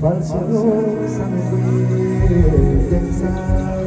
Falsero, San Miguel,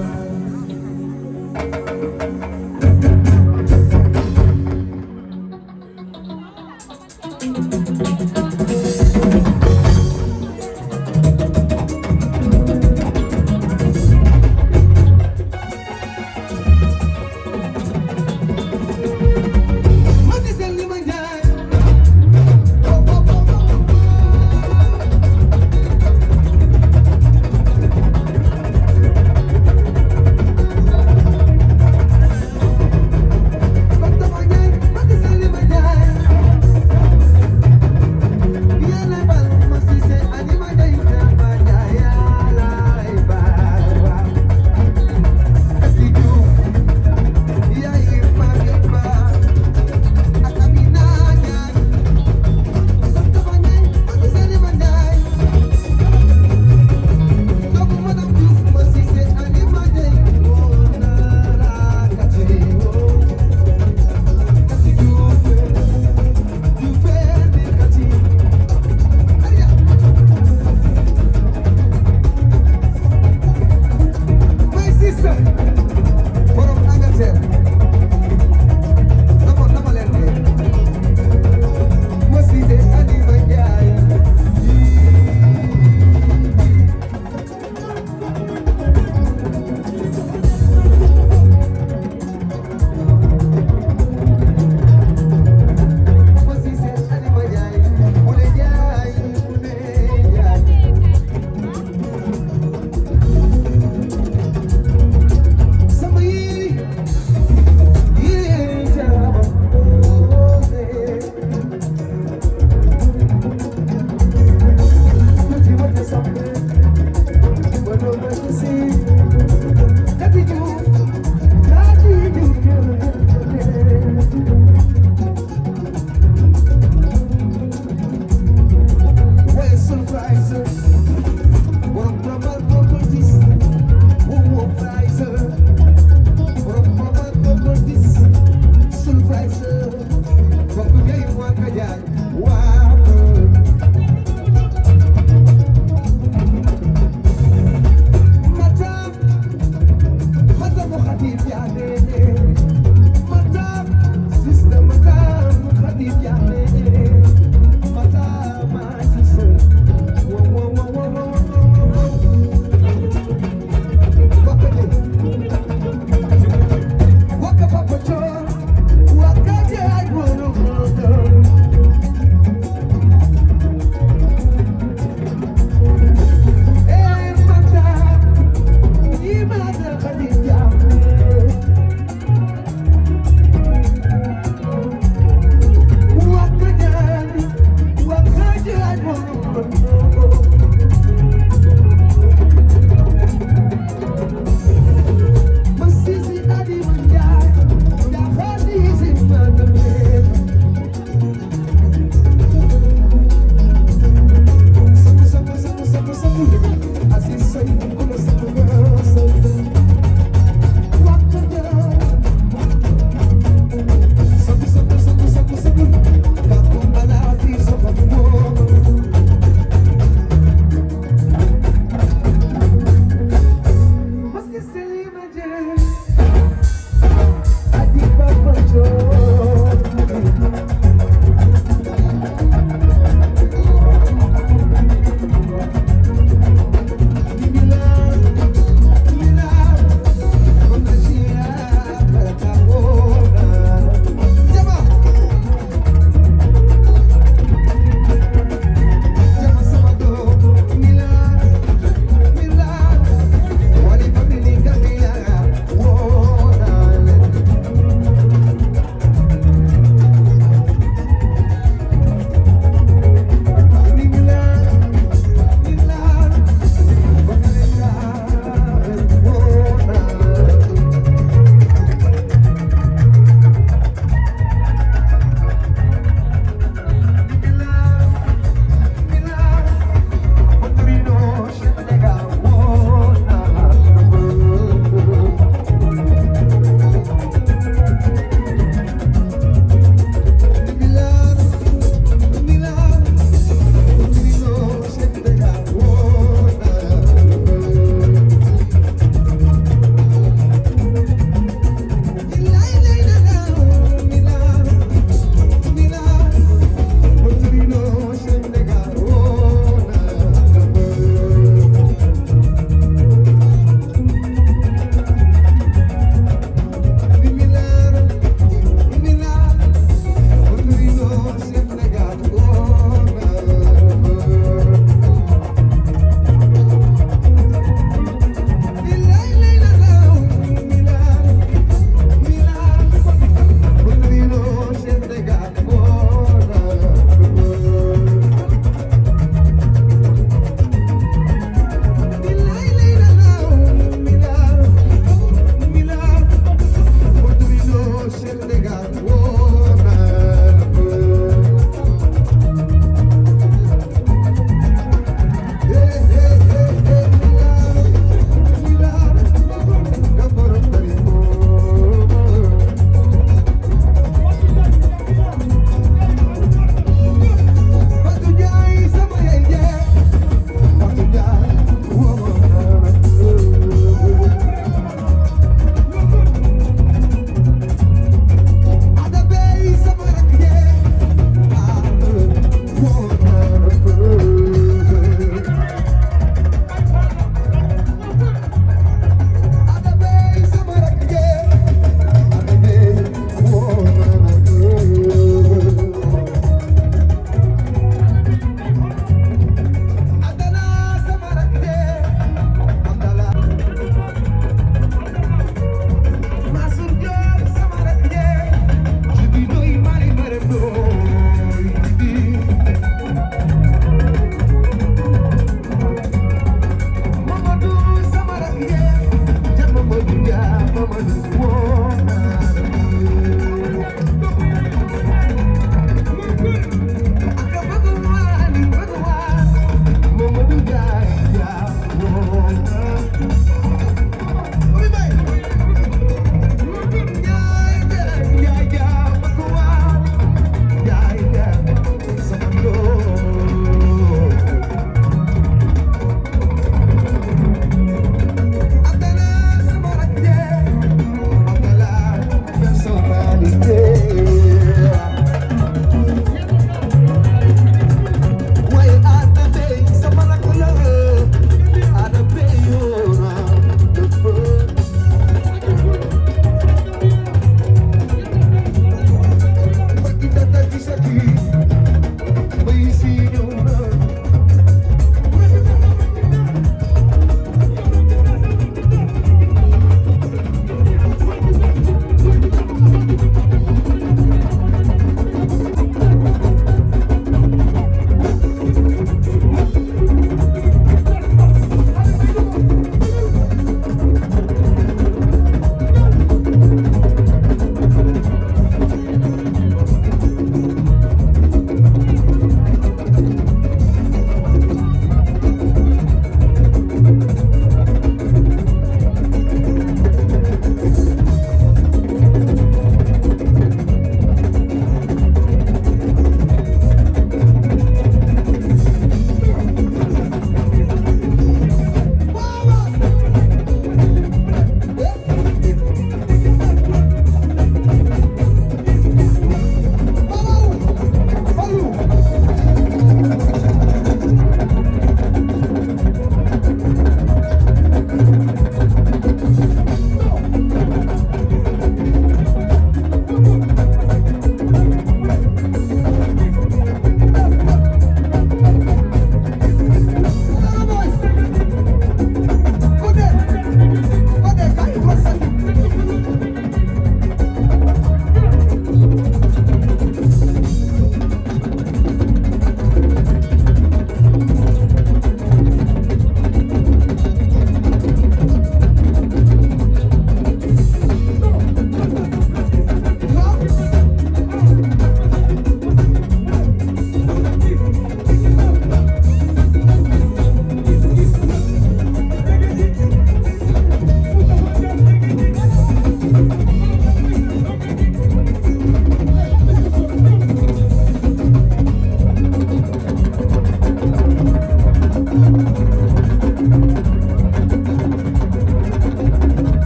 world.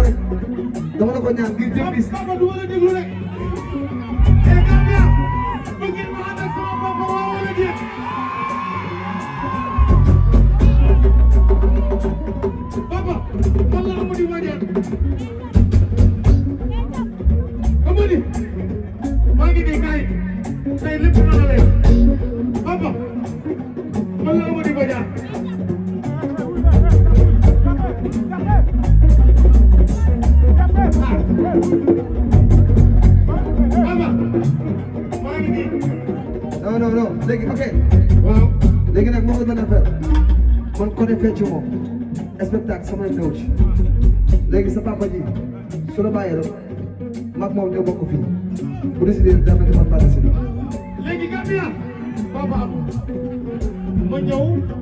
pare dama la ko ñaan ngir jëm bis. mag moom ñoo bokk fii bu décidé daa mel ni man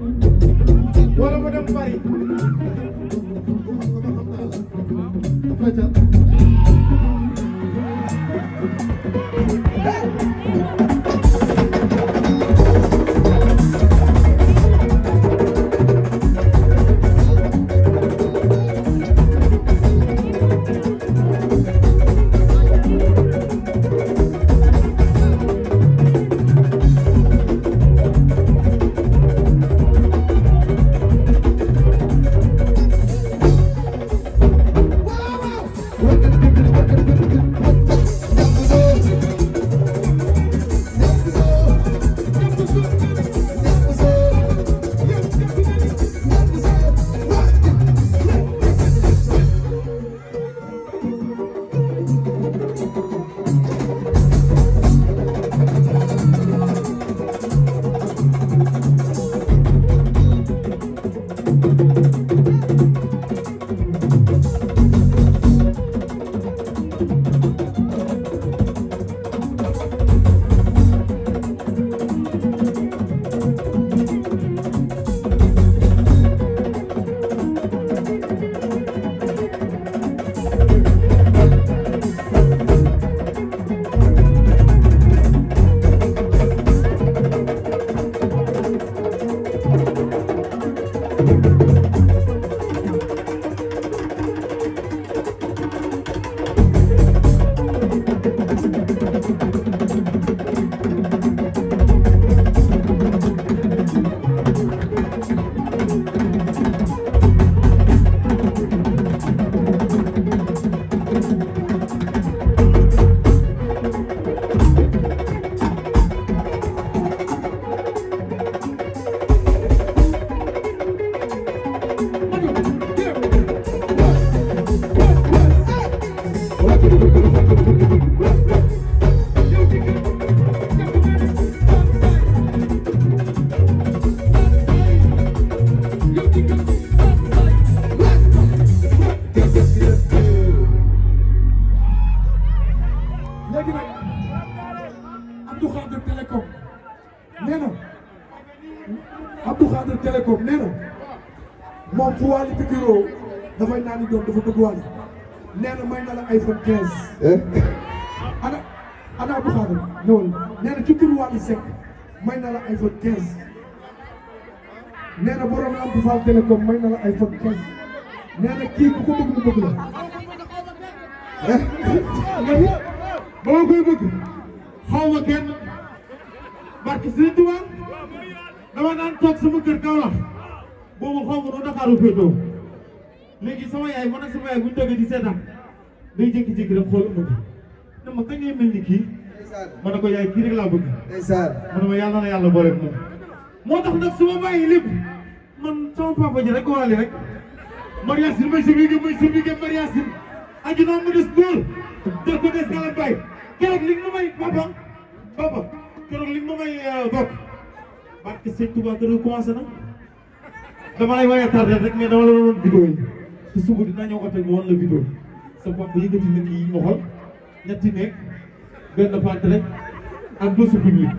iPhone 15. Eh? ana ana Abdou Khadim ñëwal nee na may na la iPhone 15. nee na borom Lamp Fall Télécom may na la iPhone 15. nee kii ku ko bëgg mu bëgg la. boo eh? koy bëgg xaw ma kenn barke Sëriñ Tuuba dama naan toog sama kër Kaolack boobu xaw ma nu Ndakaaru féetoo léegi sama yaay man ak sama yaay bu ñu toogee di seetaan day jékki-jékki rek xool ëmb bi na ma kañ ngay mel ni kii ma ne ko yaay kii rek laa bëgg ma ne ma yàlla na yàlla boole moom moo tax nag su ma bàyyi lépp man sama may sëbigé may sëbigé Mariasine aju naa ma des góor def ko des galan bay keroog li nga ma may papa papa keroog li nga ma may euh, bokk barke sëñ Touba keroog commencé na dama lay waaye tardé rek mais dama la doon vidéo yi te suba ñëw oto bi la vidéo sa bopp yëkkati nit yi ñu waxoon ti nekk benn fànn rek ak doosu public